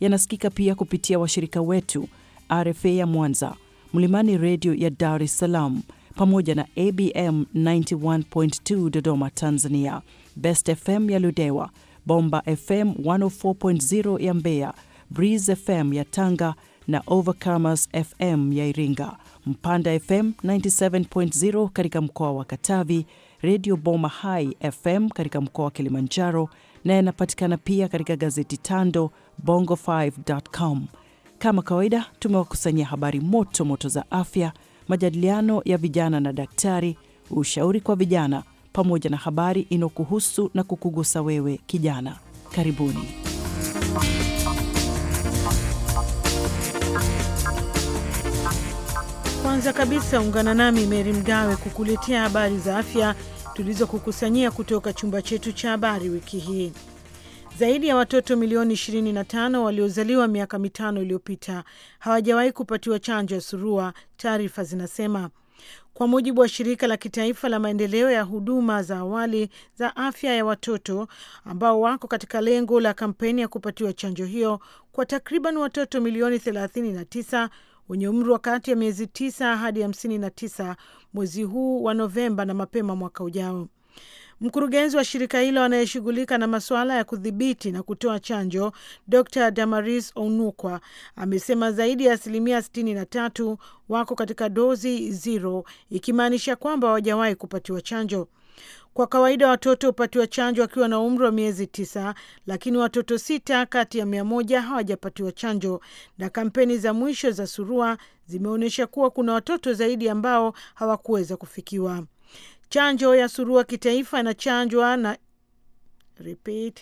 yanasikika pia kupitia washirika wetu RFA ya Mwanza, Mlimani Redio ya Dar es Salaam, pamoja na ABM 91.2 Dodoma Tanzania, Best FM ya Ludewa, Bomba FM 104.0 ya Mbeya, Breeze FM ya Tanga na Overcomers FM ya Iringa, Mpanda FM 97.0 katika mkoa wa Katavi, Redio Boma Hai FM katika mkoa wa Kilimanjaro na yanapatikana pia katika gazeti Tando Bongo5.com. Kama kawaida, tumewakusanyia habari moto moto za afya, majadiliano ya vijana na daktari, ushauri kwa vijana, pamoja na habari inayokuhusu na kukugusa wewe kijana. Karibuni. Kwanza kabisa ungana nami Meri Mgawe kukuletea habari za afya tulizokukusanyia kutoka chumba chetu cha habari wiki hii. Zaidi ya watoto milioni 25 waliozaliwa miaka mitano iliyopita hawajawahi kupatiwa chanjo ya surua, taarifa zinasema, kwa mujibu wa shirika la kitaifa la maendeleo ya huduma za awali za afya ya watoto, ambao wako katika lengo la kampeni ya kupatiwa chanjo hiyo kwa takriban watoto milioni 39 wenye umri wa kati ya miezi tisa hadi hamsini na tisa mwezi huu wa Novemba na mapema mwaka ujao. Mkurugenzi wa shirika hilo anayeshughulika na masuala ya kudhibiti na kutoa chanjo, Dr Damaris Onukwa amesema zaidi ya asilimia 63 wako katika dozi zero, ikimaanisha kwamba hawajawahi kupatiwa chanjo. Kwa kawaida watoto hupatiwa chanjo wakiwa na umri wa miezi tisa, lakini watoto sita kati ya mia moja hawajapatiwa chanjo, na kampeni za mwisho za surua zimeonyesha kuwa kuna watoto zaidi ambao hawakuweza kufikiwa. Chanjo ya surua kitaifa inachanjwa na Repeat.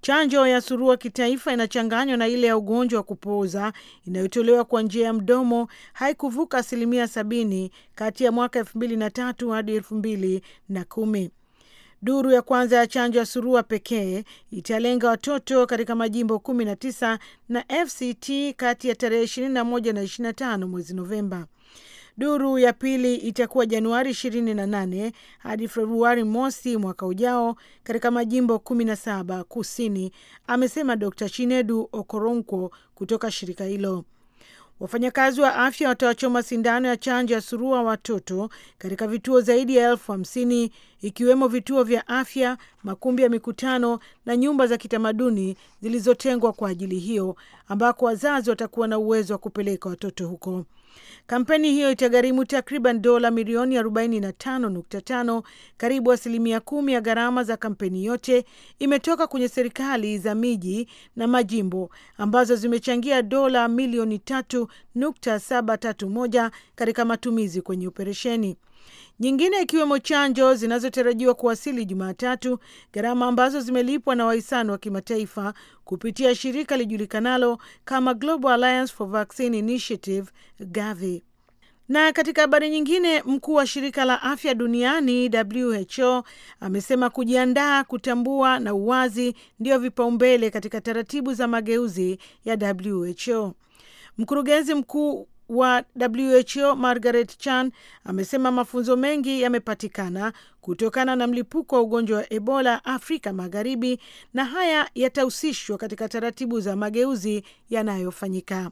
Chanjo ya surua kitaifa inachanganywa na ile ya ugonjwa wa kupooza inayotolewa kwa njia ya mdomo haikuvuka asilimia sabini kati ya mwaka elfu mbili na tatu hadi elfu mbili na kumi. Duru ya kwanza ya chanjo ya surua pekee italenga watoto katika majimbo 19 na FCT kati ya tarehe 21 na 25 mwezi Novemba. Duru ya pili itakuwa Januari 28 hadi Februari mosi mwaka ujao katika majimbo 17 kusini, amesema Dr Chinedu Okoronko kutoka shirika hilo. Wafanyakazi wa afya watawachoma sindano ya chanjo ya surua watoto katika vituo zaidi ya elfu hamsini ikiwemo vituo vya afya, makumbi ya mikutano na nyumba za kitamaduni zilizotengwa kwa ajili hiyo, ambako wazazi watakuwa na uwezo wa kupeleka watoto huko. Kampeni hiyo itagharimu takriban dola milioni 45.5, karibu asilimia kumi ya gharama za kampeni yote imetoka kwenye serikali za miji na majimbo ambazo zimechangia dola milioni 3.731 katika matumizi kwenye operesheni nyingine ikiwemo chanjo zinazotarajiwa kuwasili Jumatatu, gharama ambazo zimelipwa na wahisani wa kimataifa kupitia shirika lijulikanalo kama Global Alliance for Vaccine Initiative, Gavi. Na katika habari nyingine, mkuu wa shirika la afya duniani WHO amesema kujiandaa, kutambua na uwazi ndio vipaumbele katika taratibu za mageuzi ya WHO. Mkurugenzi mkuu wa WHO Margaret Chan amesema mafunzo mengi yamepatikana kutokana na mlipuko wa ugonjwa wa Ebola Afrika Magharibi na haya yatahusishwa katika taratibu za mageuzi yanayofanyika.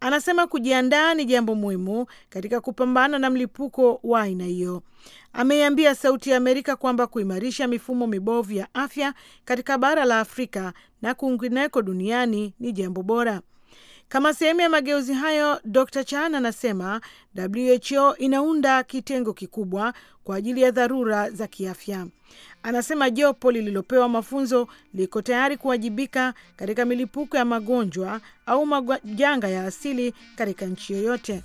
Anasema kujiandaa ni jambo muhimu katika kupambana na mlipuko wa aina hiyo. Ameiambia Sauti ya Amerika kwamba kuimarisha mifumo mibovu ya afya katika bara la Afrika na kwingineko duniani ni jambo bora. Kama sehemu ya mageuzi hayo, Dr Chan anasema WHO inaunda kitengo kikubwa kwa ajili ya dharura za kiafya. Anasema jopo lililopewa mafunzo liko tayari kuwajibika katika milipuko ya magonjwa au majanga ya asili katika nchi yoyote.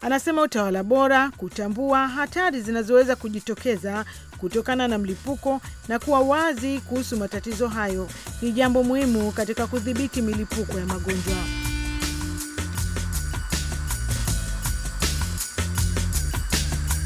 Anasema utawala bora, kutambua hatari zinazoweza kujitokeza kutokana na mlipuko na kuwa wazi kuhusu matatizo hayo ni jambo muhimu katika kudhibiti milipuko ya magonjwa.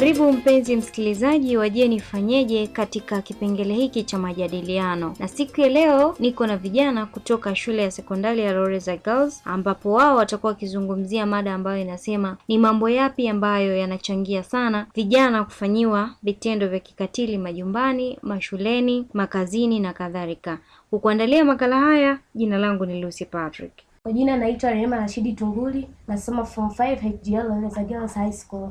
Karibu mpenzi msikilizaji wa Je nifanyeje katika kipengele hiki cha majadiliano, na siku ya leo niko na vijana kutoka shule ya sekondari ya Loreza Girls, ambapo wao watakuwa wakizungumzia mada ambayo inasema ni mambo yapi ambayo yanachangia sana vijana kufanyiwa vitendo vya kikatili majumbani, mashuleni, makazini na kadhalika. Kukuandalia makala haya, jina langu ni Lucy Patrick. Kwa jina naitwa Rehema Rashidi Tunguli, nasoma form 5 HGL Eleza Girls High School.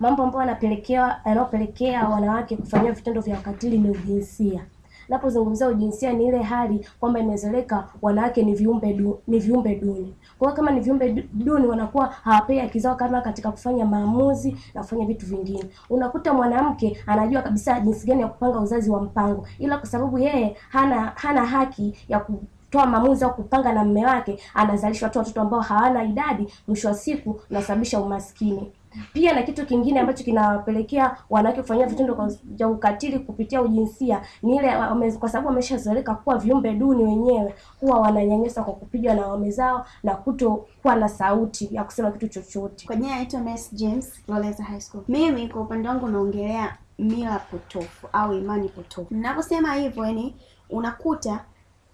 Mambo ambayo yanapelekewa yanayopelekea wanawake kufanyia vitendo vya ukatili ni ujinsia. Napozungumzia ujinsia ni ile hali kwamba imezoeleka wanawake ni viumbe du, ni viumbe duni. Kwa hiyo kama ni viumbe duni wanakuwa hawapei haki zao kama katika kufanya maamuzi na kufanya vitu vingine. Unakuta mwanamke anajua kabisa jinsi gani ya kupanga uzazi wa mpango ila kwa sababu yeye hana hana haki ya ku, kutoa maamuzi au kupanga na mme wake, anazalishwa tu watoto ambao hawana idadi, mwisho wa siku nasababisha umaskini. Pia na kitu kingine ambacho kinawapelekea wanawake kufanyia vitendo vya ukatili kupitia ujinsia ni ile, kwa sababu wameshazoeleka kuwa viumbe duni, wenyewe huwa wananyanyasa kwa kupigwa na waume zao na kuwa na sauti ya kusema kitu chochote. Kwa jina naitwa Mercy James, Loleza High School. Mimi kwa upande wangu naongelea mila potofu au imani potofu. Ninaposema hivyo, yani unakuta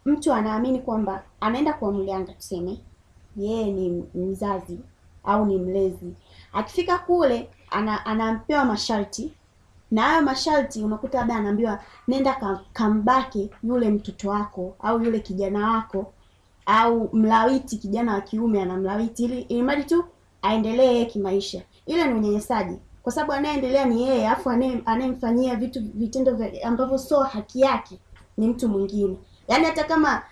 mtu anaamini kwamba anaenda kwa mganga tuseme, yeye ni mzazi au ni mlezi, akifika kule ana, masharti na hayo masharti unakuta labda anaambiwa nenda kambake yule mtoto wako au yule kijana wako au mlawiti, kijana wa kiume anamlawiti ili ili tu aendelee yeye kimaisha. Ile ni unyanyasaji, kwa sababu anayeendelea ni yeye, afu anayemfanyia vitu vitendo ambavyo sio haki yake ni mtu mwingine yaani hata kama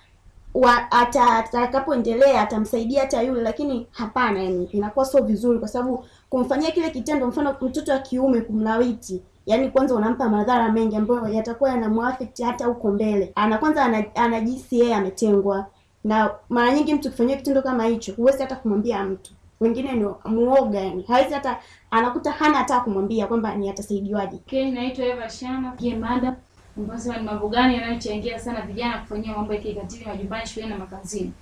atakapoendelea ata, atamsaidia hata yule, lakini hapana, yani inakuwa sio vizuri, kwa sababu kumfanyia kile kitendo, mfano mtoto wa kiume kumlawiti, yani kwanza unampa madhara mengi ambayo yatakuwa yanamwafect hata huko mbele. Ana kwanza anajisi yeye ametengwa, na mara nyingi mtu kufanyia kitendo kama hicho huwezi hata kumwambia mtu wengine ni muoga yani, hawezi hata anakuta hana hata kumwambia kwamba ni atasaidiwaje. Okay, naitwa Eva Shana, Je, mada ambayo ni mambo gani yanayochangia sana vijana kufanyia mambo ya kikatili majumbani, shuleni na makazini.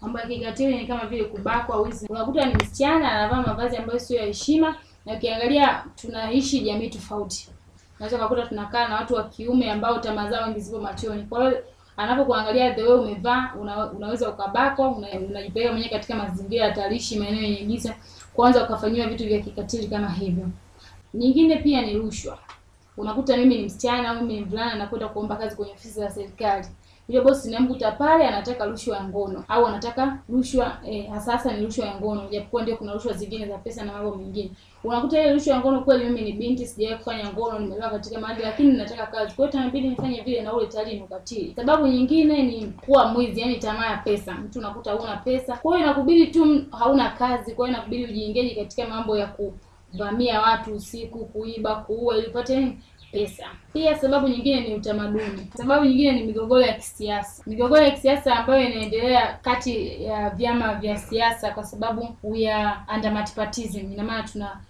Mambo ya kikatili ni kama vile kubakwa, wizi. Unakuta ni msichana anavaa mavazi ambayo sio ya heshima, na ukiangalia tunaishi jamii tofauti. Unaweza kukuta tunakaa na watu wa kiume ambao tamaa zao nyingi zipo machoni. Kwa hiyo anapokuangalia the way umevaa una, unaweza ukabakwa, unajipeleka una mwenyewe katika mazingira hatarishi, maeneo yenye giza, kwanza ukafanyiwa vitu vya kikatili kama hivyo. Nyingine pia ni rushwa unakuta mimi ni msichana au mimi ni mvulana nakwenda kuomba kazi kwenye ofisi za serikali hiyo bosi namkuta pale anataka rushwa ya ngono au anataka rushwa eh, hasa ni rushwa ya ngono, japokuwa ndio kuna rushwa zingine za pesa na mambo mengine. Unakuta ile rushwa ya ngono, kweli mimi ni binti, sijawahi kufanya ngono, nimelewa katika mahali, lakini nataka kazi, kwa hiyo tamabidi nifanye vile, na ule tayari ni ukatili. Sababu nyingine ni kuwa mwizi, yani tamaa ya pesa. Mtu unakuta huna pesa, kwa hiyo inakubidi tu, hauna kazi, kwa hiyo inakubidi ujiingeje katika mambo ya ku vamia watu usiku, kuiba, kuua ili upate pesa. Pia sababu nyingine ni utamaduni. Sababu nyingine ni migogoro ya kisiasa, migogoro ya kisiasa ambayo inaendelea kati ya vyama vya siasa, kwa sababu ya are under Ina maana tuna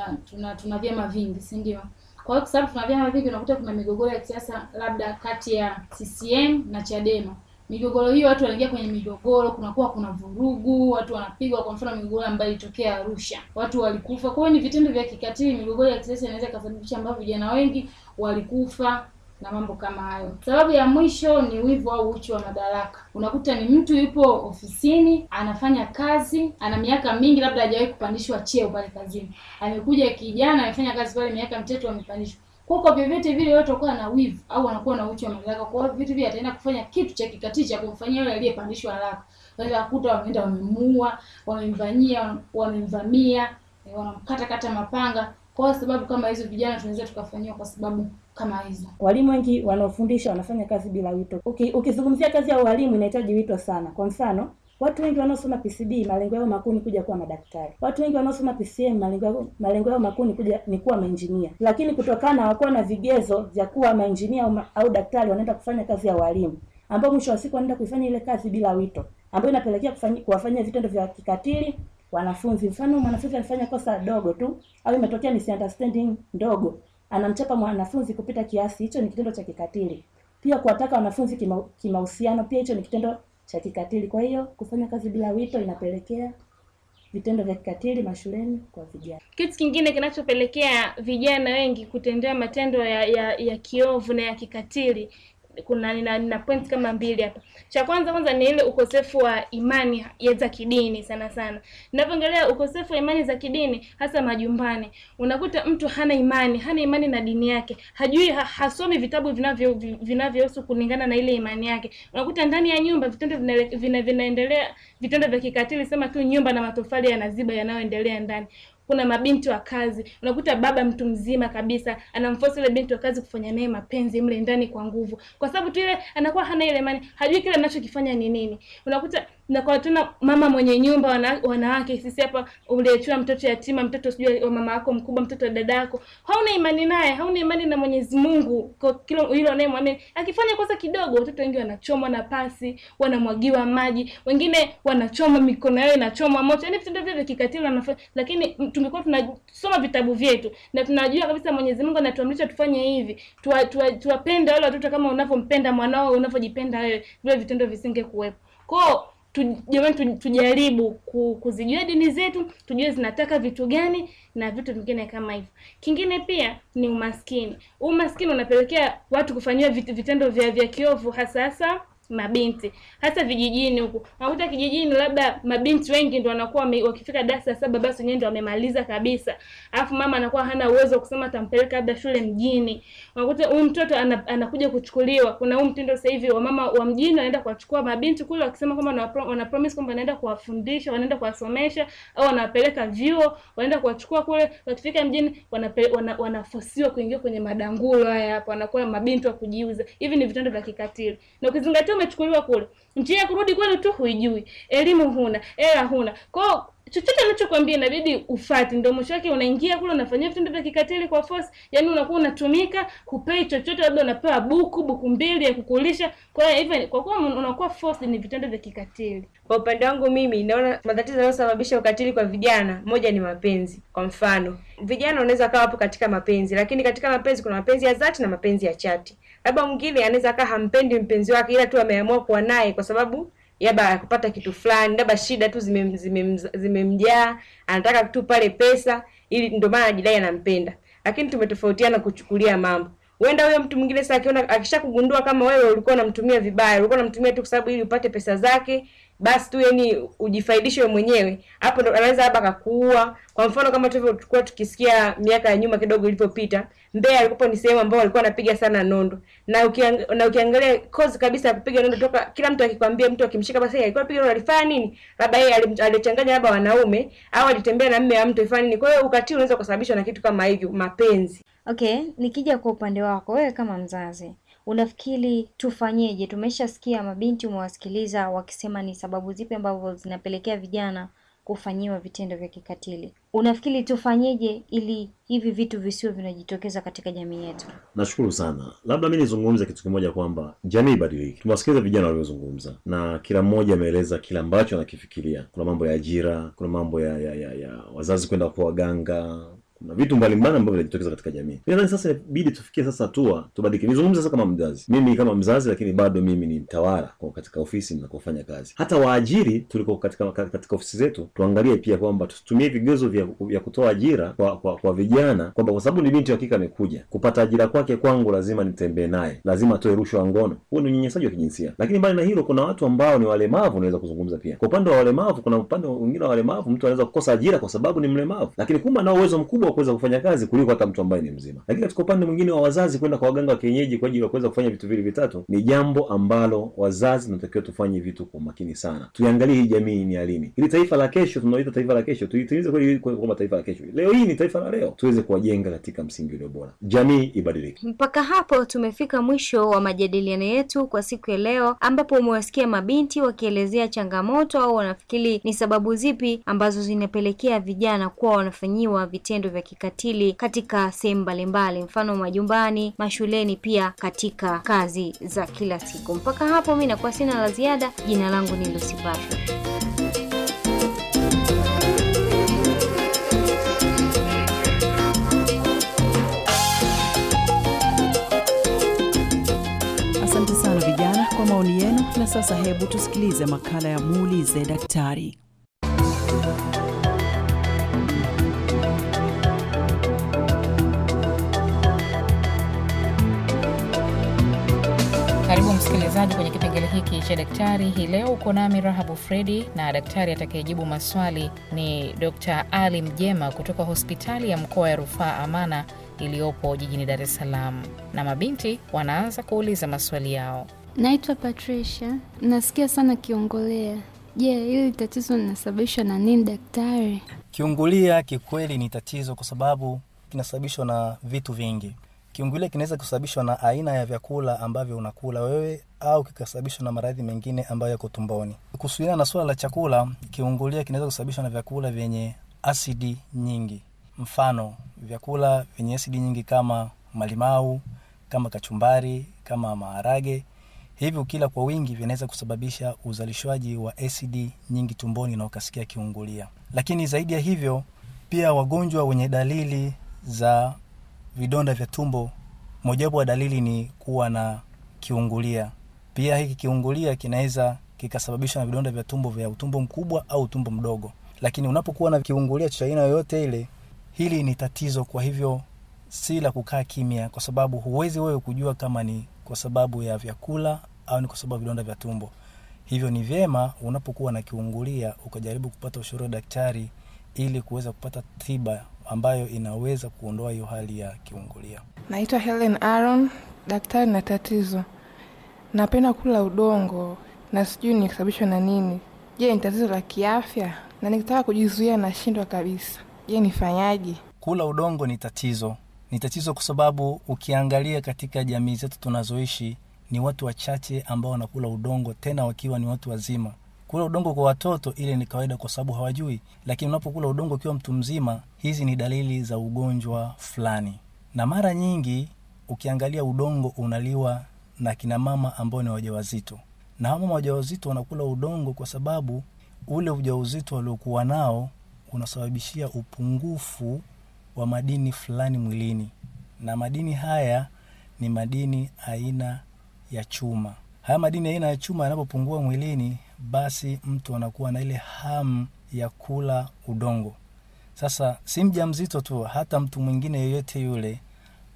tuna tuna tuna vyama vingi, si ndio? Kwa hiyo kwa sababu tuna vyama vingi, unakuta kuna migogoro ya kisiasa labda kati ya CCM na Chadema migogoro hiyo, watu wanaingia kwenye migogoro, kunakuwa kuna vurugu, watu wanapigwa. Kwa mfano migogoro ambayo ilitokea Arusha, watu walikufa. Kwa hiyo ni vitendo vya kikatili, migogoro ya kisiasa inaweza ikasababisha ambayo vijana wengi walikufa na mambo kama hayo. Sababu ya mwisho ni wivu au uchu wa madaraka. Unakuta ni mtu yupo ofisini anafanya kazi, ana miaka mingi, labda hajawahi kupandishwa cheo pale kazini, amekuja kijana amefanya kazi pale miaka mitatu, amepandishwa kwa vyovyote vile watu watakuwa na wivu au wanakuwa na uchu wa madaraka. Kwa hiyo vitu vile ataenda kufanya kitu cha kikatili cha kumfanyia yule aliyepandishwa haraka. Waweza wakuta wameenda wamemuua, wamemvamia, wamemvamia, eh, wanamkata kata mapanga. Kwa sababu kama hizo vijana tunaweza tukafanyiwa kwa sababu kama hizo. Walimu wengi wanaofundisha wanafanya kazi bila wito. Ukizungumzia okay, okay, kazi ya walimu inahitaji wito sana. Kwa mfano Watu wengi wanaosoma PCB malengo yao makuu ni kuja kuwa madaktari. Watu wengi wanaosoma PCM malengo yao malengo yao makuu ni kuja ni kuwa maengineer. Lakini kutokana hawakuwa na vigezo vya kuwa maengineer au, au daktari wanaenda kufanya kazi ya walimu ambao mwisho wa siku wanaenda kuifanya ile kazi bila wito ambayo inapelekea kufanya kuwafanyia vitendo vya kikatili wanafunzi. Mfano, mwanafunzi alifanya kosa dogo tu au imetokea misunderstanding ndogo, anamchapa mwanafunzi kupita kiasi, hicho ni kitendo cha kikatili. Pia kuwataka wanafunzi kimahusiano, kima pia hicho ni kitendo cha kikatili. Kwa hiyo kufanya kazi bila wito inapelekea vitendo vya kikatili mashuleni kwa vijana. Kitu kingine kinachopelekea vijana wengi kutendewa matendo ya, ya, ya kiovu na ya kikatili kuna nina, nina point kama mbili hapa. Cha kwanza kwanza ni ile ukosefu wa imani za kidini sana sana. Ninapoongelea ukosefu wa imani za kidini, hasa majumbani, unakuta mtu hana imani, hana imani na dini yake, hajui ha, hasomi vitabu vinavyo vinavyohusu kulingana na ile imani yake. Unakuta ndani ya nyumba vitendo vinaendelea vina, vina vitendo vya kikatili, sema tu nyumba na matofali yanaziba yanayoendelea ndani kuna mabinti wa kazi, unakuta baba mtu mzima kabisa anamforce ile binti wa kazi kufanya naye mapenzi mle ndani kwa nguvu, kwa sababu tu ile anakuwa hana ile imani, hajui kile anachokifanya ni nini. Unakuta na tuna mama mwenye nyumba wana, wanawake sisi hapa uliachiwa mtoto yatima, mtoto sijui wa mama yako mkubwa, mtoto wa dada yako, hauna imani naye, hauna imani na Mwenyezi Mungu kwa kile yule Akifanya kosa kidogo, watoto wengi wanachomwa na pasi, wanamwagiwa maji, wengine wanachoma mikono yao inachomwa moto, yaani vitendo vile vya kikatili wanafanya. Lakini tumekuwa tunasoma vitabu vyetu na tunajua kabisa Mwenyezi Mungu anatuamrisha tufanye hivi, tuwapende tuwa, tuwa wale watoto kama unavyompenda mwanao, unavyojipenda wewe, vile vitendo visingekuwepo kuwepo kwao tu, tujaribu ku, kuzijua dini zetu, tujue zinataka vitu gani na vitu vingine kama hivyo. Kingine pia ni umaskini. Umaskini unapelekea watu kufanyiwa vitendo vya vya kiovu hasa hasa mabinti hata vijijini huku unakuta kijijini labda mabinti wengi ndo wanakuwa wakifika darasa la saba basi wenyewe ndo wamemaliza kabisa, alafu mama anakuwa hana uwezo wa kusema atampeleka labda shule mjini. Unakuta huyu mtoto anakuja kuchukuliwa. Kuna huu mtindo sasa hivi wa mama wa mjini wanaenda kuwachukua mabinti kule, wakisema kwamba wana promise kwamba wanaenda kuwafundisha, wanaenda kuwasomesha au wanawapeleka vyuo, wanaenda kuwachukua kule. Wakifika mjini wanafosiwa wana kuingia kwenye madangulo haya hapa, wanakuwa mabinti wa kujiuza. Hivi ni vitendo vya kikatili na ukizingatia umechukuliwa kule, njia ya kurudi kwenu tu huijui, elimu huna, hela huna. Kwa hiyo chochote anachokwambia inabidi ufati, ndio mwisho wake unaingia kule unafanyia vitendo vya kikatili kwa force, yani unakuwa unatumika, hupei chochote, labda unapewa buku buku mbili ya kukulisha. Kwa hiyo hivyo, kwa kuwa unakuwa force, ni vitendo vya kikatili. Kwa upande wangu mimi naona matatizo yanayosababisha ukatili kwa vijana, moja ni mapenzi. Kwa mfano, vijana wanaweza kawa hapo katika mapenzi, lakini katika mapenzi kuna mapenzi ya dhati na mapenzi ya chati. Labda mwingine anaweza kaa hampendi mpenzi wake, ila tu ameamua kuwa naye kwa sababu yaba kupata kitu fulani, labda shida tu zimemjaa zime, zime anataka tu pale pesa, ili ndio maana anajidai anampenda. Lakini tumetofautiana kuchukulia mambo. Wenda huyo mtu mwingine sasa akiona, akishakugundua kama wewe ulikuwa unamtumia vibaya, ulikuwa unamtumia tu kwa sababu ili upate pesa zake, basi tu yani ujifaidishe mwenyewe, hapo ndo anaweza labda akakuua. Kwa mfano kama tulivyokuwa tukisikia miaka ya nyuma kidogo ilipopita, Mbeya alikuwa ni sehemu ambao walikuwa anapiga sana nondo, na ukiang, na ukiangalia cause kabisa ya kupiga nondo toka kila mtu akikwambia, mtu akimshika basi alikuwa anapiga nondo, alifanya nini? Labda yeye alichanganya labda wanaume au alitembea na mume wa mtu, alifanya nini? Kwa hiyo ukatili unaweza kusababishwa na kitu kama hivyo, mapenzi. Okay, nikija kwa upande wako wewe kama mzazi unafikiri tufanyeje? Tumeshasikia mabinti, umewasikiliza wakisema ni sababu zipi ambavyo zinapelekea vijana kufanyiwa vitendo vya kikatili. Unafikiri tufanyeje ili hivi vitu visiwe vinajitokeza katika jamii yetu? Nashukuru sana. Labda mi nizungumze kitu kimoja kwamba jamii ibadilike. Tumewasikiliza vijana waliozungumza, na kila mmoja ameeleza kila ambacho anakifikiria. Kuna mambo ya ajira, kuna mambo ya ya, ya, ya wazazi kwenda kwa waganga, kuna vitu mbalimbali ambavyo vinajitokeza katika jamii. Nadhani sasa inabidi tufikie sasa hatua tubadilike. Nizungumza sasa kama mzazi, mimi kama mzazi, lakini bado mimi ni mtawala kwa katika ofisi na kufanya kazi. Hata waajiri tuliko katika katika ofisi zetu, tuangalie pia kwamba tutumie vigezo vya, vya kutoa ajira kwa, kwa, kwa vijana kwamba kwa sababu ni binti hakika amekuja kupata ajira kwake, kwangu lazima nitembee naye, lazima atoe rushwa ya ngono. Huo ni unyanyasaji wa kijinsia. Lakini mbali na hilo, kuna watu ambao ni walemavu, unaweza kuzungumza pia kwa upande wa walemavu. Kuna upande mwingine wa walemavu, mtu anaweza kukosa ajira kwa sababu ni mlemavu, lakini kumbe anao uwezo mkubwa wa kuweza kufanya kazi kuliko hata mtu ambaye ni mzima. Lakini katika upande mwingine wa wazazi kwenda kwa waganga wa kienyeji kwa ajili ya kuweza kufanya vitu vile vitatu, ni jambo ambalo wazazi tunatakiwa tufanye vitu kwa umakini sana. Tuiangalie hii jamii ni alini, ili taifa la kesho tunaoita taifa la kesho tuitimize kweli kwamba taifa la kesho, leo hii ni taifa la leo, tuweze kuwajenga katika msingi ulio bora, jamii ibadilike. Mpaka hapo tumefika mwisho wa majadiliano yetu kwa siku ya leo, ambapo umewasikia mabinti wakielezea changamoto au wanafikiri ni sababu zipi ambazo zinapelekea vijana kuwa wanafanyiwa vitendo vya vya kikatili katika sehemu mbalimbali, mfano majumbani, mashuleni, pia katika kazi za kila siku. Mpaka hapo mi nakuwa sina la ziada. Jina langu ni Lucy maoni yenu. Na sasa hebu tusikilize makala ya muulize daktari. msikilizaji kwenye kipengele hiki cha daktari hii leo uko nami Rahabu Fredi, na daktari atakayejibu maswali ni Dr. Ali Mjema kutoka hospitali ya mkoa ya rufaa Amana iliyopo jijini Dar es Salaam, na mabinti wanaanza kuuliza maswali yao. Naitwa Patricia, nasikia sana kiongolea. Je, yeah, hili tatizo linasababishwa na nini daktari? Kiungulia kikweli ni tatizo kwa sababu kinasababishwa na vitu vingi kiungulia kinaweza kusababishwa na aina ya vyakula ambavyo unakula wewe au kikasababishwa na maradhi mengine ambayo yako tumboni. Kuhusiana na suala la chakula, kiungulia kinaweza kusababishwa na vyakula vyenye asidi nyingi. Mfano, vyakula vyenye asidi nyingi kama malimau, kama kachumbari, kama maharage. hivyo kila kwa wingi vinaweza kusababisha uzalishwaji wa asidi nyingi tumboni na ukasikia kiungulia. Lakini zaidi ya hivyo, pia wagonjwa wenye dalili za vidonda vya tumbo, mojawapo wa dalili ni kuwa na kiungulia. Pia hiki kiungulia kinaweza kikasababishwa na vidonda vya tumbo vya utumbo mkubwa au utumbo mdogo. Lakini unapokuwa na kiungulia cha aina yoyote ile, hili ni tatizo. Kwa hivyo si la kukaa kimya, kwa sababu huwezi wewe kujua kama ni kwa sababu ya vyakula au ni kwa sababu ya vidonda vya tumbo. Hivyo ni vyema unapokuwa na kiungulia ukajaribu kupata ushauri wa daktari ili kuweza kupata tiba ambayo inaweza kuondoa hiyo hali ya kiungulia. Naitwa Helen Aaron, daktari na tatizo, napenda kula udongo na sijui nikisababishwa na nini. Je, ni tatizo la kiafya? Na nikitaka kujizuia nashindwa kabisa. Je, nifanyaje? Kula udongo ni tatizo, ni tatizo kwa sababu ukiangalia katika jamii zetu tunazoishi ni watu wachache ambao wanakula udongo, tena wakiwa ni watu wazima. Kula udongo kwa watoto ile ni kawaida, kwa sababu hawajui, lakini unapokula udongo ukiwa mtu mzima, hizi ni dalili za ugonjwa fulani. Na mara nyingi ukiangalia udongo unaliwa na kina mama ambao ni wajawazito, na hawa mama wajawazito wanakula udongo kwa sababu ule ujauzito waliokuwa nao unasababishia upungufu wa madini fulani mwilini, na madini haya ni madini aina ya chuma. Haya madini aina ya chuma yanapopungua mwilini basi mtu anakuwa na ile hamu ya kula udongo. Sasa si mja mzito tu, hata mtu mwingine yeyote yule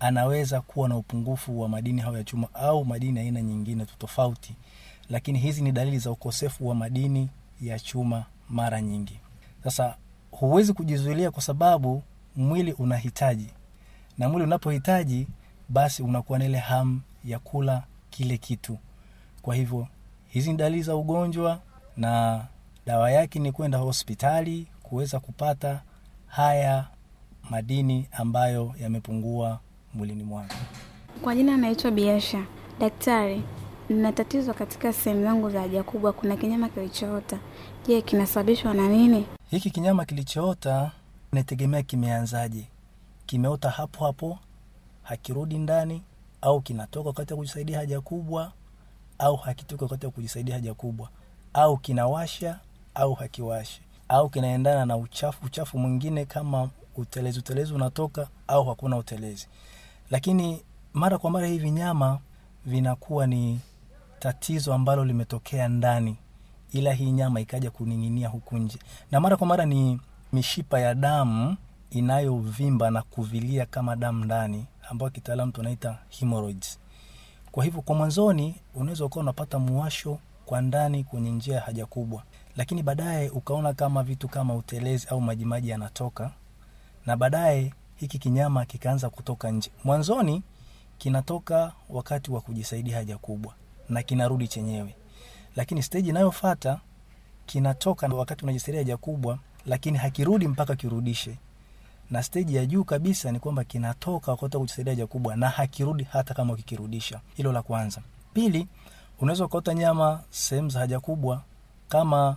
anaweza kuwa na upungufu wa madini hayo ya chuma au madini aina nyingine tofauti, lakini hizi ni dalili za ukosefu wa madini ya chuma mara nyingi. Sasa huwezi kujizuilia kwa sababu mwili unahitaji, na mwili unapohitaji, basi unakuwa na ile hamu ya kula kile kitu. Kwa hivyo Hizi ni dalili za ugonjwa na dawa yake ni kwenda hospitali kuweza kupata haya madini ambayo yamepungua mwilini mwake. Kwa jina anaitwa Biasha. Daktari, nina tatizo katika sehemu zangu za haja kubwa, kuna kinyama kilichoota. Je, kinasababishwa na nini? Hiki kinyama kilichoota inategemea kimeanzaje, kimeota hapo hapo hakirudi ndani, au kinatoka wakati wa kujisaidia haja kubwa au hakitoki wakati wa kujisaidia haja kubwa, au kinawasha au hakiwashi, au kinaendana na uchafu uchafu mwingine kama utelezi utelezi unatoka au hakuna utelezi. Lakini mara kwa mara hii vinyama vinakuwa ni tatizo ambalo limetokea ndani, ila hii nyama ikaja kuning'inia huku nje, na mara kwa mara ni mishipa ya damu inayovimba na kuvilia kama damu ndani, ambayo kitaalamu tunaita hemorrhoids. Kwa hivyo kwa mwanzoni unaweza ukawa unapata muwasho kwa ndani kwenye njia ya haja kubwa, lakini baadaye ukaona kama vitu kama utelezi au majimaji yanatoka, na baadaye hiki kinyama kikaanza kutoka nje. Mwanzoni kinatoka wakati wa kujisaidia haja kubwa na kinarudi chenyewe, lakini steji inayofata kinatoka wakati unajisaidia haja kubwa, lakini hakirudi mpaka kirudishe na steji ya juu kabisa ni kwamba kinatoka kwa kukusaidia haja kubwa na hakirudi hata kama ukikirudisha. Hilo la kwanza. Pili, unaweza ukaota nyama sehemu za haja kubwa kama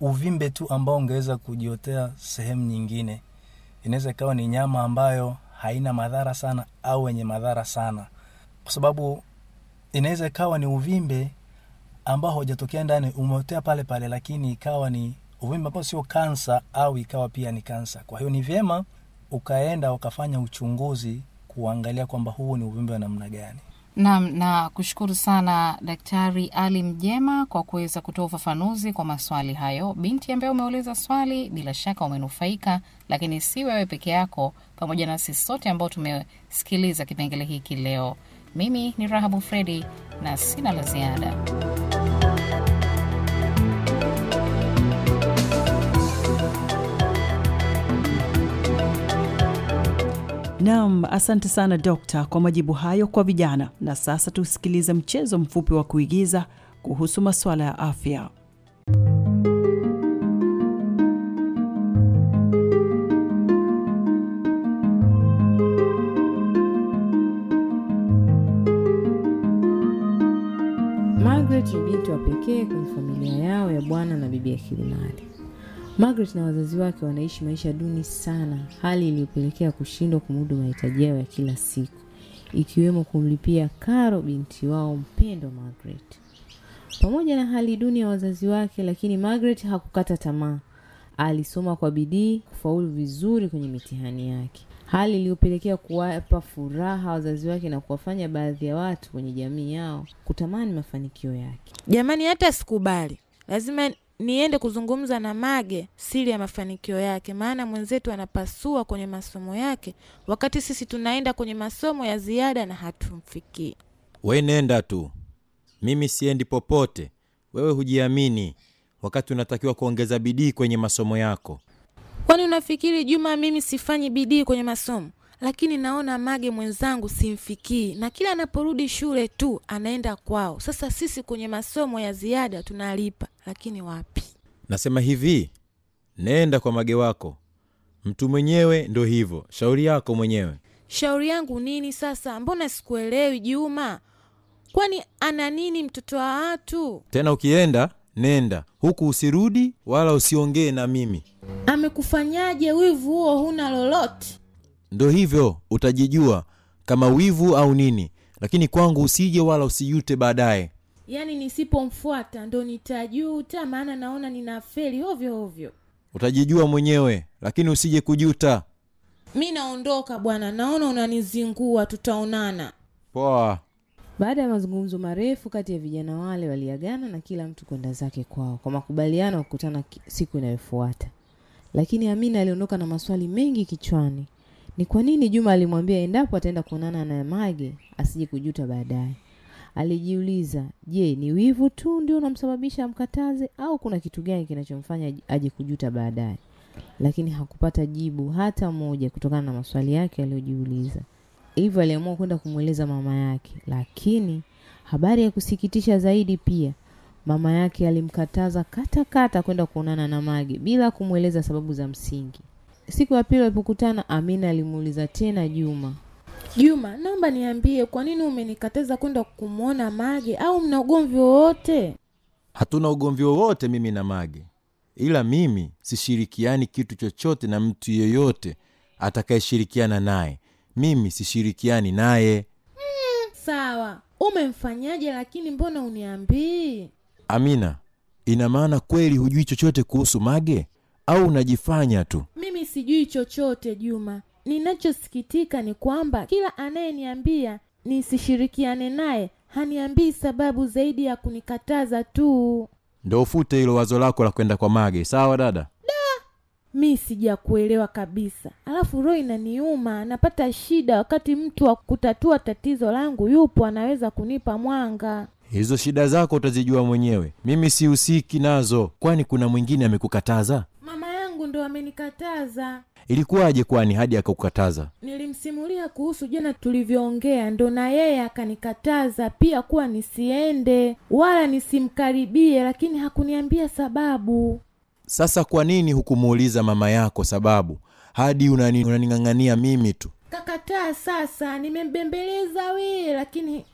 uvimbe tu ambao ungeweza kujiotea sehemu nyingine. Inaweza ikawa ni nyama ambayo haina madhara sana au wenye madhara sana, kwa sababu inaweza ikawa ni uvimbe ambao haujatokea ndani, umeotea pale pale, lakini ikawa ni uvimbe ambao sio kansa au ikawa pia ni kansa. Kwa hiyo ni vyema ukaenda ukafanya uchunguzi kuangalia kwamba huu ni uvimbe wa namna gani. Naam, na kushukuru sana Daktari Ali Mjema kwa kuweza kutoa ufafanuzi kwa maswali hayo. Binti ambaye umeuliza swali, bila shaka umenufaika, lakini si wewe peke yako, pamoja na sisi sote ambao tumesikiliza kipengele hiki leo. Mimi ni Rahabu Fredi na sina la ziada. Naam, asante sana dokta kwa majibu hayo kwa vijana. Na sasa tusikilize mchezo mfupi wa kuigiza kuhusu masuala ya afya. Margaret ni binti wa pekee kwenye familia yao ya bwana na bibi ya Kilimali. Margaret na wazazi wake wanaishi maisha duni sana, hali iliyopelekea kushindwa kumudu mahitaji yao ya kila siku, ikiwemo kumlipia karo binti wao mpendwa Margaret. Pamoja na hali duni ya wazazi wake, lakini Margaret hakukata tamaa. Alisoma kwa bidii, kufaulu vizuri kwenye mitihani yake, hali iliyopelekea kuwapa furaha wazazi wake na kuwafanya baadhi ya watu kwenye jamii yao kutamani mafanikio yake. Jamani, hata sikubali, lazima niende kuzungumza na Mage siri ya mafanikio yake, maana mwenzetu anapasua kwenye masomo yake, wakati sisi tunaenda kwenye masomo ya ziada na hatumfikii. We nenda tu, mimi siendi popote. Wewe hujiamini wakati unatakiwa kuongeza bidii kwenye masomo yako. Kwani unafikiri Juma, mimi sifanyi bidii kwenye masomo? lakini naona Mage mwenzangu simfikii, na kila anaporudi shule tu anaenda kwao. Sasa sisi kwenye masomo ya ziada tunalipa, lakini wapi? Nasema hivi, nenda kwa Mage wako, mtu mwenyewe ndo hivyo. Shauri yako mwenyewe. Shauri yangu nini sasa? Mbona sikuelewi Juma? Kwani ana nini mtoto wa watu? Tena ukienda nenda huku, usirudi wala usiongee na mimi. Amekufanyaje wivu huo? Huna lolote ndo hivyo utajijua kama wivu au nini lakini kwangu usije wala usijute baadaye yaani nisipomfuata ndo nitajuta maana naona nina feli ovyo ovyo utajijua mwenyewe lakini usije kujuta mi naondoka bwana naona unanizingua tutaonana poa baada ya mazungumzo marefu kati ya vijana wale waliagana na kila mtu kwenda zake kwao kwa makubaliano ya kukutana siku inayofuata lakini amina aliondoka na maswali mengi kichwani ni kwa nini Juma alimwambia endapo ataenda kuonana na Mage asije kujuta baadaye? Alijiuliza, je, ni wivu tu ndio unamsababisha amkataze au kuna kitu gani kinachomfanya aje kujuta baadaye? Lakini hakupata jibu hata moja kutokana na maswali yake aliyojiuliza. Hivyo aliamua kwenda kumweleza mama yake, lakini habari ya kusikitisha zaidi pia mama yake alimkataza katakata kwenda kuonana na Mage bila kumweleza sababu za msingi. Siku ya pili walipokutana, Amina alimuuliza tena Juma, Juma, naomba niambie, kwa nini umenikateza kwenda kumwona Mage au mna ugomvi wowote? Hatuna ugomvi wowote mimi na Mage, ila mimi sishirikiani kitu chochote na mtu yeyote atakayeshirikiana naye. Mimi sishirikiani naye. Hmm, sawa. Umemfanyaje? Lakini mbona uniambii? Amina, ina maana kweli hujui chochote kuhusu Mage? au unajifanya tu? Mimi sijui chochote Juma. Ninachosikitika ni kwamba kila anayeniambia nisishirikiane naye haniambii sababu zaidi ya kunikataza tu. Ndo ufute hilo wazo lako la kwenda kwa Mage, sawa dada? Da, mi sijakuelewa kabisa. Alafu roho inaniuma, napata shida wakati mtu wa kutatua tatizo langu yupo, anaweza kunipa mwanga. Hizo shida zako utazijua mwenyewe, mimi sihusiki nazo. Kwani kuna mwingine amekukataza? yangu ndo amenikataza ilikuwaje kwani hadi akakukataza nilimsimulia kuhusu jana tulivyoongea ndo na yeye akanikataza pia kuwa nisiende wala nisimkaribie lakini hakuniambia sababu sasa kwa nini hukumuuliza mama yako sababu hadi unani, unaning'ang'ania mimi tu kakataa sasa nimembembeleza wee lakini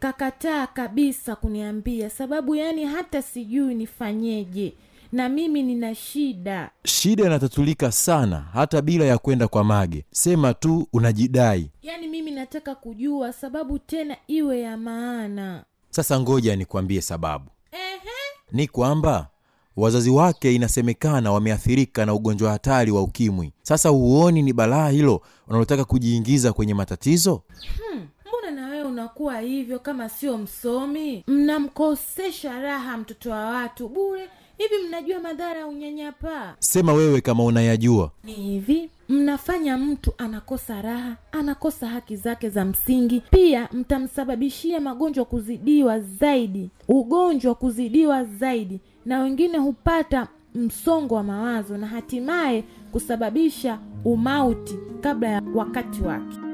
kakataa kabisa kuniambia sababu yani hata sijui nifanyeje na mimi nina shida shida inatatulika sana hata bila ya kwenda kwa mage sema tu unajidai yaani mimi nataka kujua sababu tena iwe ya maana sasa ngoja nikwambie sababu Ehe. ni kwamba wazazi wake inasemekana wameathirika na ugonjwa hatari wa ukimwi sasa huoni ni balaa hilo unalotaka kujiingiza kwenye matatizo hmm unakuwa hivyo kama sio msomi mnamkosesha raha mtoto wa watu bure hivi mnajua madhara ya unyanyapaa sema wewe kama unayajua ni hivi mnafanya mtu anakosa raha anakosa haki zake za msingi pia mtamsababishia magonjwa kuzidiwa zaidi ugonjwa kuzidiwa zaidi na wengine hupata msongo wa mawazo na hatimaye kusababisha umauti kabla ya wakati wake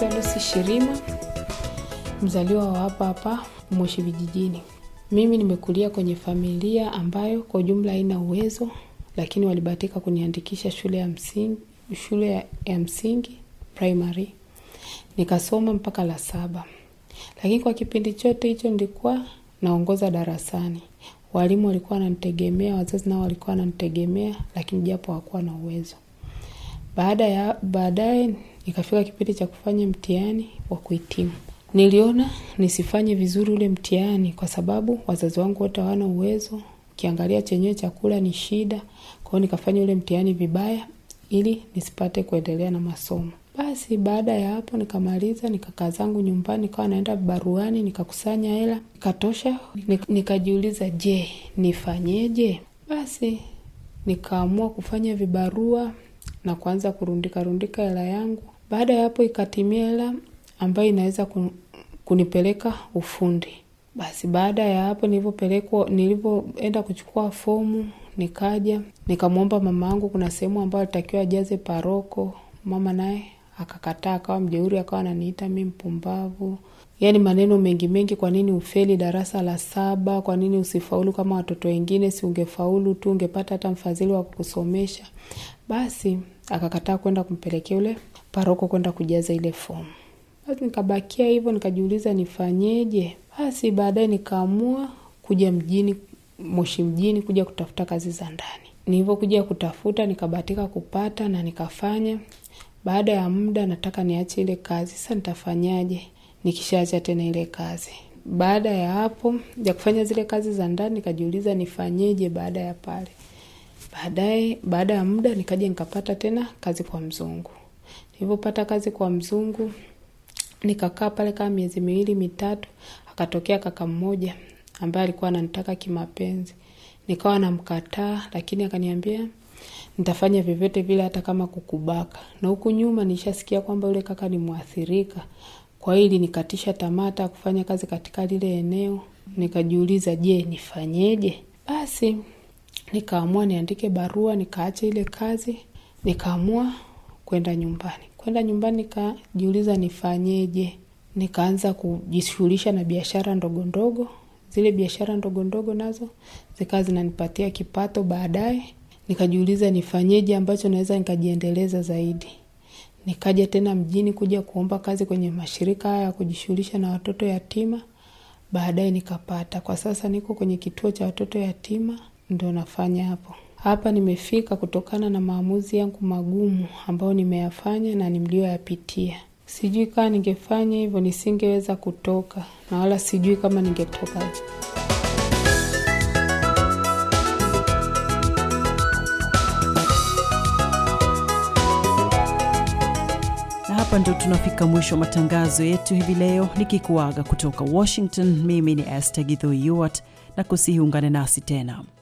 Naitwa Lucy Shirima, mzaliwa wa hapa hapa Moshi vijijini. Mimi nimekulia kwenye familia ambayo kwa ujumla haina uwezo, lakini walibatika kuniandikisha shule ya msingi, shule ya, ya msingi primary, nikasoma mpaka la saba, lakini kwa kipindi chote hicho nilikuwa naongoza darasani. Walimu walikuwa wananitegemea, wazazi nao walikuwa wananitegemea, lakini japo hakuwa na uwezo. Baada ya baadaye Ikafika kipindi cha kufanya mtihani wa kuhitimu. Niliona nisifanye vizuri ule mtihani kwa sababu wazazi wangu wote hawana uwezo, kiangalia chenyewe chakula ni shida. Kwa hiyo nikafanya ule mtihani vibaya ili nisipate kuendelea na masomo. Basi baada ya hapo nikamaliza, nikakaa zangu nyumbani, nikawa naenda baruani, nikakusanya hela ikatosha. Nikajiuliza, je, nifanyeje? Basi nikaamua kufanya vibarua na kuanza kurundika rundika hela yangu baada ya hapo ikatimia hela ambayo inaweza kunipeleka ufundi. Basi baada ya hapo nilipopelekwa, nilipoenda kuchukua fomu nikaja nikamwomba mama kuna sehemu ambayo alitakiwa ajaze paroko. Mama naye akakataa, akawa mjeuri, akawa ananiita mi mpumbavu, yaani maneno mengi mengi. Kwa nini ufeli darasa la saba? Kwa nini usifaulu kama watoto wengine? Si ungefaulu tu, ungepata hata mfadhili wa kukusomesha. Basi akakataa kwenda kumpelekea ule paroko kwenda kujaza ile fomu. Basi nikabakia hivyo, nikajiuliza nifanyeje. Basi baadaye nikaamua kuja mjini Moshi mjini kuja kutafuta kazi za ndani. Nilivyokuja kutafuta nikabahatika kupata na nikafanya. Baada ya muda nataka niache ile kazi, sasa nitafanyaje nikishaacha tena ile kazi? Baada ya hapo ya kufanya zile kazi za ndani nikajiuliza nifanyeje baada ya pale. Baadaye, baada ya muda nikaja nikapata tena kazi kwa mzungu. Nilipopata kazi kwa mzungu, nikakaa pale kama miezi miwili mitatu, akatokea kaka mmoja ambaye alikuwa ananitaka kimapenzi. Nikawa namkataa, lakini akaniambia nitafanya vyovyote vile hata kama kukubaka. Na huku nyuma nishasikia kwamba yule kaka ni mwathirika. Kwa hili nikatisha tamata kufanya kazi katika lile eneo. Nikajiuliza, je, nifanyeje? Basi nikaamua niandike barua, nikaacha ile kazi, nikaamua kwenda nyumbani. Kwenda nyumbani kajiuliza nifanyeje? Nikaanza kujishughulisha na biashara ndogo ndogo. Zile biashara ndogo ndogo nazo zikawa zinanipatia kipato baadaye. Nikajiuliza nifanyeje ambacho naweza nikajiendeleza zaidi. Nikaja tena mjini kuja kuomba kazi kwenye mashirika haya ya kujishughulisha na watoto yatima. Baadaye nikapata. Kwa sasa niko kwenye kituo cha watoto yatima, ndo nafanya hapo. Hapa nimefika kutokana na maamuzi yangu magumu ambayo nimeyafanya na niliyoyapitia. Sijui kama ningefanya hivyo nisingeweza kutoka, na wala sijui kama ningetoka. Hapa ndio tunafika mwisho wa matangazo yetu hivi leo, nikikuaga kutoka Washington. Mimi ni Esther Githo Yuart, na kusihi ungane nasi tena.